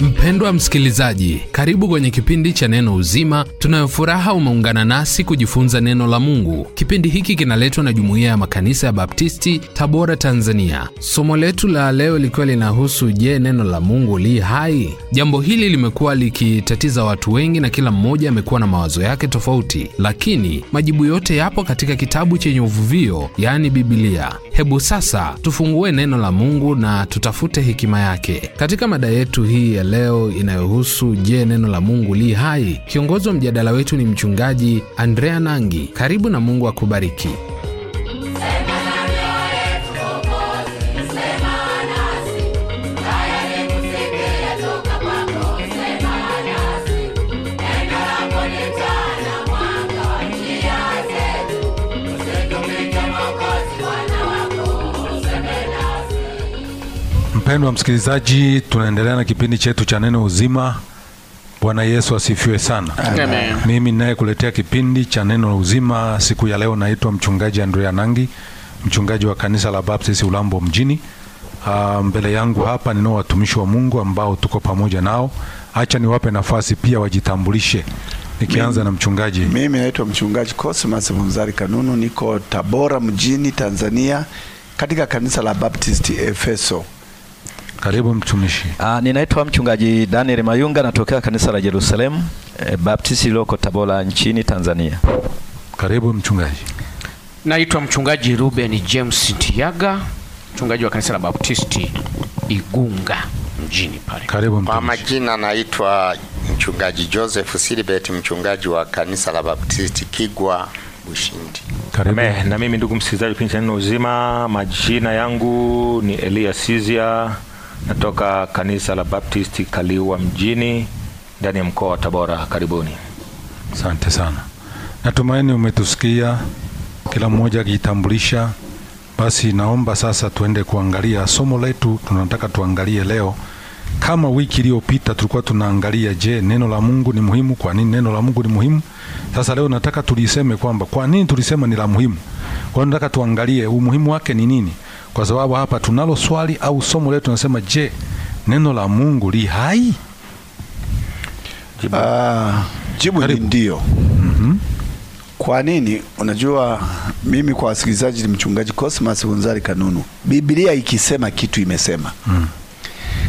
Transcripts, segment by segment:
Mpendwa msikilizaji, karibu kwenye kipindi cha Neno Uzima. Tunayofuraha umeungana nasi kujifunza neno la Mungu. Kipindi hiki kinaletwa na Jumuiya ya Makanisa ya Baptisti, Tabora, Tanzania. Somo letu la leo likiwa linahusu je, neno la Mungu li hai? Jambo hili limekuwa likitatiza watu wengi na kila mmoja amekuwa na mawazo yake tofauti, lakini majibu yote yapo katika kitabu chenye uvuvio, yani bibilia Hebu sasa tufungue neno la Mungu na tutafute hekima yake katika mada yetu hii leo inayohusu je, neno la Mungu li hai? Kiongozi wa mjadala wetu ni mchungaji Andrea Nangi. Karibu na Mungu akubariki. Mpendwa msikilizaji, tunaendelea na kipindi chetu cha neno uzima. Bwana Yesu asifiwe sana. Amen. Mimi ninayekuletea kipindi cha neno uzima siku ya leo naitwa mchungaji Andrea Nangi, mchungaji wa kanisa la Baptist Ulambo mjini. Uh, mbele yangu hapa ninao watumishi wa Mungu ambao tuko pamoja nao. Acha niwape nafasi pia wajitambulishe. Nikianza mimi, na mchungaji. Mimi naitwa mchungaji Cosmas Munzari Kanunu, niko Tabora mjini Tanzania katika kanisa la Baptist Efeso. Karibu mtumishi. Ah, ninaitwa mchungaji Daniel Mayunga natokea kanisa la Jerusalemu e, eh, Baptist liloko Tabora nchini Tanzania. Karibu mchungaji. Naitwa mchungaji Ruben James Tiaga, mchungaji wa kanisa la Baptisti Igunga mjini pale. Karibu mtumishi. Kwa majina naitwa mchungaji Joseph Silibet, mchungaji wa kanisa la Baptisti Kigwa Bushindi. Karibu. Me, na mimi ndugu msikilizaji, pincha uzima, majina yangu ni Elias Sizia natoka kanisa la Baptisti Kaliua mjini ndani ya mkoa wa Tabora. Karibuni. Asante sana, natumaini umetusikia kila mmoja akijitambulisha. Basi naomba sasa tuende kuangalia somo letu. Tunataka tuangalie leo, kama wiki iliyopita tulikuwa tunaangalia, je, neno la Mungu ni muhimu? Kwa nini neno la Mungu ni muhimu? Sasa leo nataka tuliseme kwamba kwa nini tulisema ni la muhimu. Kwa hiyo nataka tuangalie umuhimu wake ni nini kwa sababu hapa tunalo swali au somo letu tunasema, je, neno la Mungu li hai? Jibu, uh, jibu ni ndio. mm -hmm. Kwa nini? Unajua, mimi kwa wasikilizaji ni mchungaji Cosmas Gonzali Kanunu. Biblia ikisema kitu imesema. mm.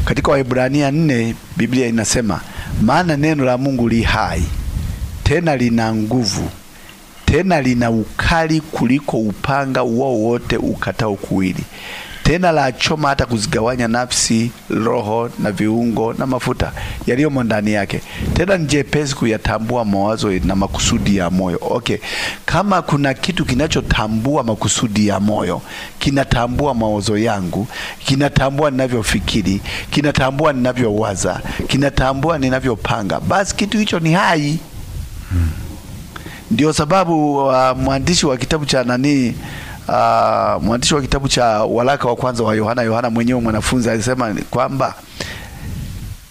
Katika Waebrania nne Biblia inasema maana neno la Mungu li hai tena lina nguvu tena lina ukali kuliko upanga wowote ukatao kuwili, tena la choma hata kuzigawanya nafsi, roho na viungo na mafuta yaliyomo ndani yake, tena ni jepesi kuyatambua mawazo na makusudi ya moyo. Okay, kama kuna kitu kinachotambua makusudi ya moyo, kinatambua mawazo yangu, kinatambua ninavyofikiri, kinatambua ninavyowaza, kinatambua ninavyopanga, basi kitu hicho ni hai. Ndio sababu uh, mwandishi wa kitabu cha nani uh, mwandishi wa kitabu cha waraka wa kwanza wa Yohana, Yohana mwenyewe mwanafunzi alisema kwamba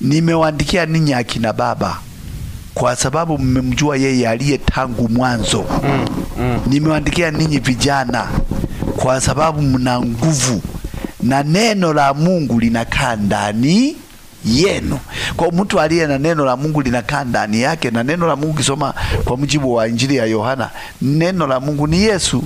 nimewaandikia ninyi akina baba kwa sababu mmemjua yeye aliye tangu mwanzo. mm, mm. Nimewaandikia ninyi vijana kwa sababu mna nguvu na neno la Mungu linakaa ndani yenu. Kwa mtu aliye na neno la Mungu linakaa ndani yake, na neno la Mungu kisoma kwa mujibu wa Injili ya Yohana, neno la Mungu ni Yesu.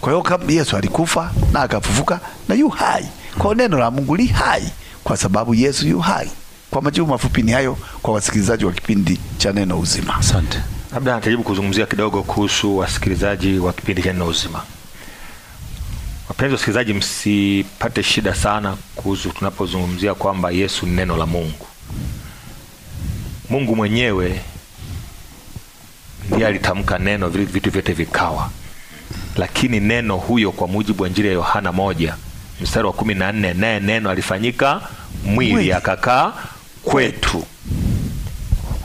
Kwa hiyo kama Yesu alikufa na akafufuka na yu hai, kwa neno la Mungu li hai kwa sababu Yesu yu hai. Kwa majibu mafupi ni hayo kwa wasikilizaji wa kipindi cha Neno Uzima. Asante. Labda najaribu kuzungumzia kidogo kuhusu wasikilizaji wa kipindi cha Neno Uzima. Wapenzi wasikilizaji, msipate shida sana kuhusu tunapozungumzia kwamba Yesu ni neno la Mungu. Mungu mwenyewe ndiye alitamka neno, vile vitu vyote vikawa. Lakini neno huyo, kwa mujibu wa Injili ya Yohana moja mstari wa kumi na nne naye neno alifanyika mwili akakaa kwetu,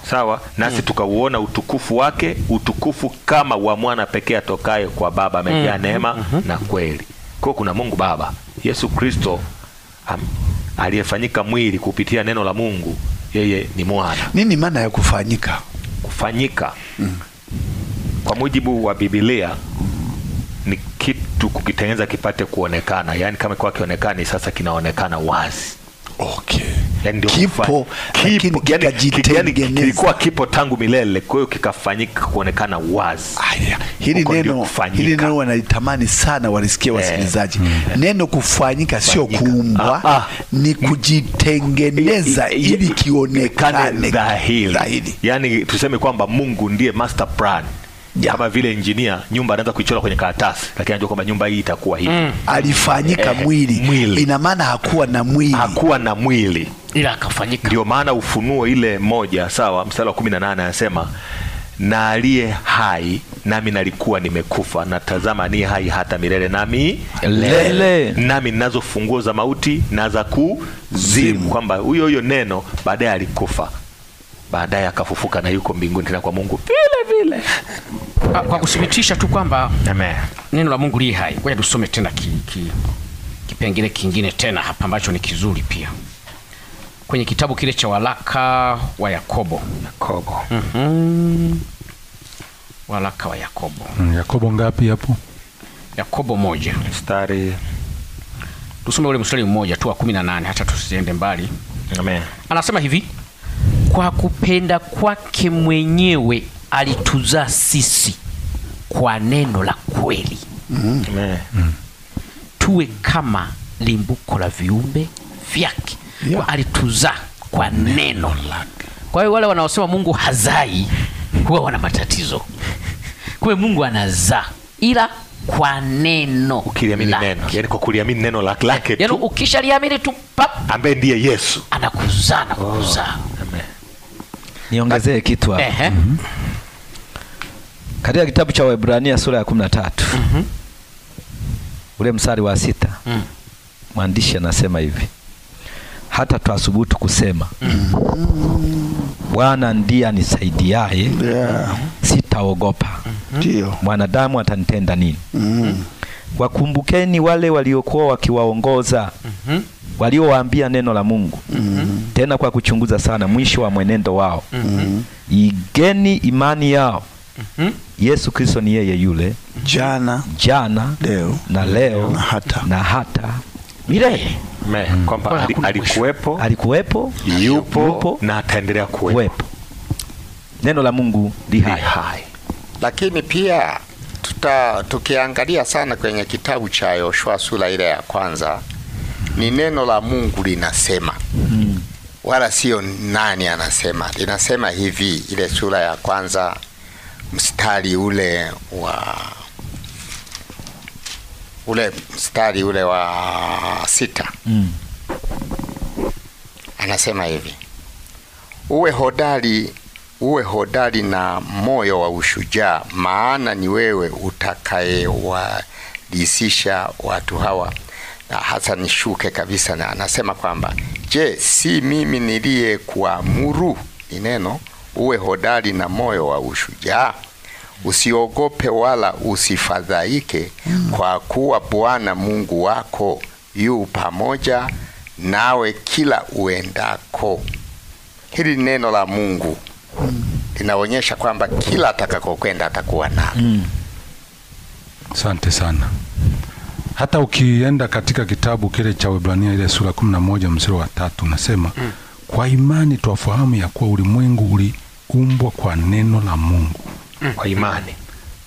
sawa nasi mm. tukauona utukufu wake, utukufu kama wa mwana pekee atokaye kwa Baba amejaa mm. neema mm-hmm. na kweli. Kwa kuna Mungu Baba, Yesu Kristo aliyefanyika mwili kupitia neno la Mungu, yeye ni mwana. Nini maana ya kufanyika? Kufanyika mm. kwa mujibu wa Biblia ni kitu kukitengeneza kipate kuonekana, yaani kama kwa kionekani sasa kinaonekana wazi okay. Yaani kipo, yaani yaani kilikuwa kipo tangu milele, kwa hiyo kikafanyika kuonekana wazi. hili neno hili neno wanalitamani sana walisikia eh. wasikilizaji eh, mm. Neno kufanyika, sio kuumbwa ah, ah, ni kujitengeneza i, i, i, ili kionekane dhahiri, yani tuseme kwamba Mungu ndiye master plan yeah. kama vile engineer nyumba anaanza kuichora kwenye karatasi, lakini anajua kwamba nyumba hii itakuwa hivi mm. alifanyika eh, mwili, mwili. Ina maana hakuwa na mwili, hakuwa na mwili ila akafanyika. Ndio maana Ufunuo ile moja sawa mstari wa 18 anasema na aliye hai nami nalikuwa nimekufa, na tazama ni hai hata milele, nami lele, nami ninazo funguo za mauti na za kuzimu, kwamba huyo huyo neno baadaye alikufa baadaye akafufuka na yuko mbinguni tena kwa Mungu vile vile. Ah, kwa kuthibitisha tu kwamba neno la Mungu li hai, ngoja tusome tena ki, ki, kipengele kingine tena hapa ambacho ni kizuri pia kwenye kitabu kile cha waraka wa Yakobo, Yakobo. Mm -hmm. Waraka wa Yakobo. Mm, Yakobo ngapi hapo? Yakobo moja mstari tusome ule mstari mmoja tu wa kumi na nane hata tusiende mbali. Amen. Anasema hivi kwa kupenda kwake mwenyewe alituzaa sisi kwa neno la kweli. mm Tuwe kama limbuko la viumbe vyake. yeah. Alituzaa kwa neno lake. Kwa hiyo wale wanaosema Mungu hazai huwa wana matatizo. Kumbe Mungu anazaa ila kwa neno ukiliamini neno, yani kwa kuliamini neno lake lake yaani tu, yani ukishaliamini tu pap, ambaye ndiye Yesu anakuzaa na kukuzaa. oh niongezee kitu hapo. Ehe. Mm -hmm. Katika kitabu cha Waebrania sura ya 13. Mhm. Mm Ule msari wa sita. Mm. Mwandishi anasema hivi. Hata twasubutu kusema. Mm. Bwana ndiye anisaidiaye. Yeah. Sitaogopa. Mm-hmm. Ndio. Mm -hmm. Mwanadamu atanitenda nini? Mm. Wakumbukeni wale waliokuwa wakiwaongoza. Mhm. Mm waliowaambia neno la Mungu mm -hmm. tena kwa kuchunguza sana mwisho wa mwenendo wao mm -hmm. igeni imani yao mm -hmm. Yesu Kristo ni yeye yule jana, jana leo, na leo na hata, na hata milele mm. kwamba alikuwepo, alikuwepo, yupo, yupo na ataendelea kuwepo. Neno la Mungu li hai. Hai. Lakini pia tuta, tukiangalia sana kwenye kitabu cha Yoshua sura ile ya kwanza ni neno la Mungu linasema mm. wala sio nani anasema. Linasema hivi, ile sura ya kwanza mstari ule wa ule mstari ule wa sita mm. anasema hivi, uwe hodari uwe hodari na moyo wa ushujaa, maana ni wewe utakayewalisisha watu hawa Ah, hasa nishuke kabisa, na anasema kwamba je, si mimi niliye kuamuru, ni neno, uwe hodari na moyo wa ushujaa, usiogope wala usifadhaike, hmm. kwa kuwa Bwana Mungu wako yu pamoja nawe kila uendako. Hili neno la Mungu hmm. linaonyesha kwamba kila atakakokwenda atakuwa nalo. Hmm. Asante mm. sana. Hata ukienda katika kitabu kile cha Waebrania ile sura kumi na moja mstari wa tatu unasema mm. Kwa imani twafahamu ya kuwa ulimwengu uliumbwa kwa neno la Mungu mm. Kwa imani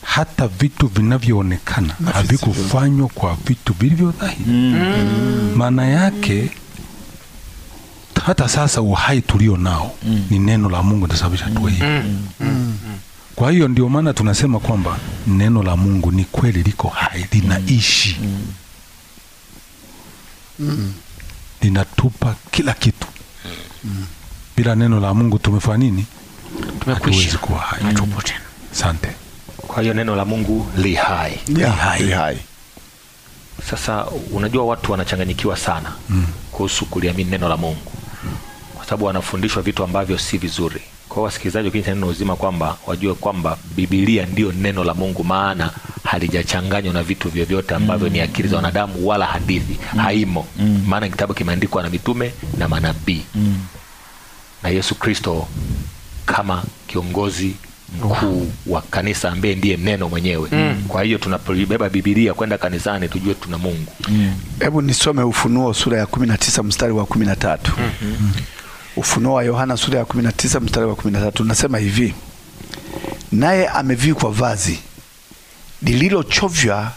hata vitu vinavyoonekana havikufanywa kwa vitu vilivyo dhahiri. Mm. Mm. Maana mm. yake hata sasa uhai tulio nao mm. ni neno la Mungu, ndasababisha tuwe mm. mm. mm. Kwa hiyo ndio maana tunasema kwamba neno la Mungu ni kweli, liko hai, linaishi mm. mm. mm. linatupa kila kitu mm. mm. bila neno la Mungu tumefanya nini? Tumekwisha kuwa hai. Asante. Kwa hiyo neno la Mungu li hai. Yeah. Li hai. Sasa unajua watu wanachanganyikiwa sana mm. kuhusu kuliamini neno la Mungu mm. kwa sababu wanafundishwa vitu ambavyo si vizuri kwa wasikilizaji wa Neno Uzima kwamba wajue kwamba Biblia ndiyo neno la Mungu, maana halijachanganywa na vitu vyovyote ambavyo mm. ni akili za wanadamu wala hadithi mm. haimo mm. maana kitabu kimeandikwa na mitume na manabii mm. na Yesu Kristo kama kiongozi mkuu oh. wa kanisa ambaye ndiye neno mwenyewe mm. Kwa hiyo tunapoibeba Biblia kwenda kanisani tujue tuna Mungu. Mm. Hebu mm. nisome Ufunuo sura ya kumi na tisa mstari wa kumi na tatu. Mhm. mm -hmm. Ufunuo wa Yohana sura ya 19 mstari wa 13 nasema hivi, naye amevikwa vazi lililochovya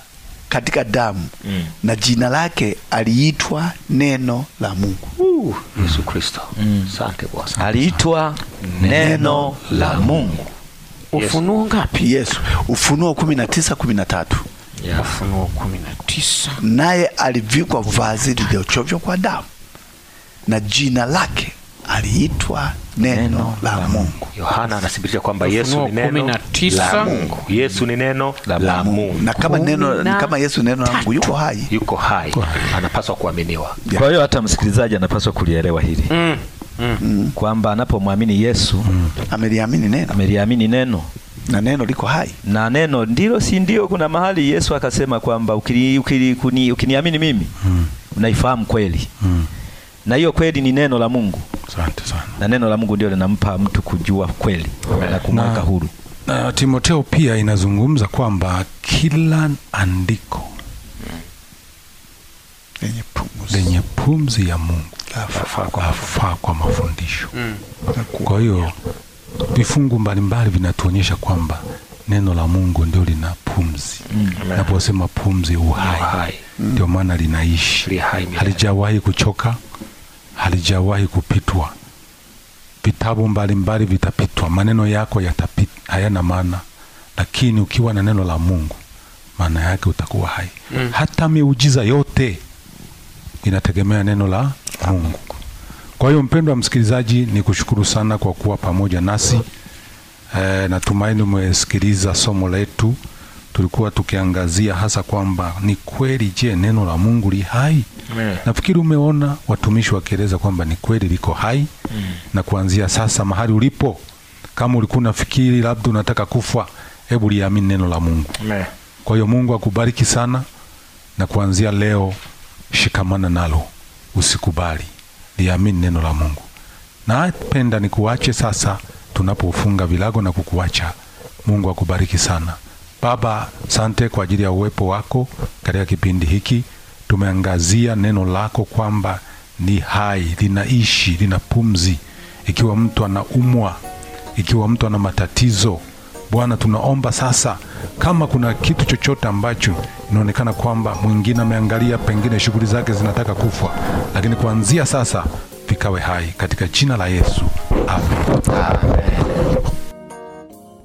katika damu mm. na jina lake aliitwa neno la Mungu. Uh, Yesu Kristo. Mm. Asante Bwana. Aliitwa neno la Mungu. Ufunuo ngapi? Yesu. Ufunuo 19:13. Yeah. Ufunuo 19. Naye alivikwa vazi lililochovya kwa damu na jina lake aliitwa neno, neno la Mungu. Yohana anathibitisha kwamba Yesu ni neno la Mungu. Yesu ni neno la Mungu. Na kama neno na kama Yesu neno la Mungu yuko hai. Yuko hai. Anapaswa kuaminiwa. Yeah. Kwa hiyo hata msikilizaji anapaswa kulielewa hili. Mm, mm. Mm. Kwamba anapomwamini Yesu mm. ameliamini neno. Ameliamini neno na neno liko hai na neno ndilo, si ndio? Kuna mahali Yesu akasema kwamba ukiniamini mimi mm. unaifahamu kweli mm. na hiyo kweli ni neno la Mungu. Asante sana. Na neno la Mungu ndio linampa mtu kujua kweli na kumweka huru. Na Timoteo pia inazungumza kwamba kila andiko lenye pumzi, pumzi ya Mungu lafaa kwa mafundisho mm. Kwa hiyo vifungu mbalimbali vinatuonyesha kwamba neno la Mungu ndio lina pumzi mm. Naposema pumzi, uhai ndio mm. maana linaishi, halijawahi kuchoka halijawahi kupitwa. Vitabu mbalimbali vitapitwa, maneno yako yatapita, hayana maana, lakini ukiwa na neno la Mungu maana yake utakuwa hai mm. Hata miujiza yote inategemea neno la Mungu. Kwa hiyo mpendwa msikilizaji, ni kushukuru sana kwa kuwa pamoja nasi. E, natumaini umesikiliza somo letu tulikuwa tukiangazia hasa kwamba ni kweli, je, neno la Mungu li hai? Nafikiri umeona watumishi wakieleza kwamba ni kweli liko hai mm. Na kuanzia sasa mahali ulipo, kama ulikuwa unafikiri labda unataka kufa, hebu liamini neno la Mungu Kwa hiyo Mungu akubariki sana, na kuanzia leo shikamana nalo, usikubali, liamini neno la Mungu. Napenda nikuache sasa tunapofunga vilago na kukuacha. Mungu akubariki sana. Baba, sante kwa ajili ya uwepo wako katika kipindi hiki. Tumeangazia neno lako kwamba ni hai, linaishi, lina pumzi. Ikiwa mtu anaumwa, ikiwa mtu ana matatizo, Bwana, tunaomba sasa, kama kuna kitu chochote ambacho inaonekana kwamba mwingine ameangalia, pengine shughuli zake zinataka kufa, lakini kuanzia sasa vikawe hai katika jina la Yesu, amen, amen.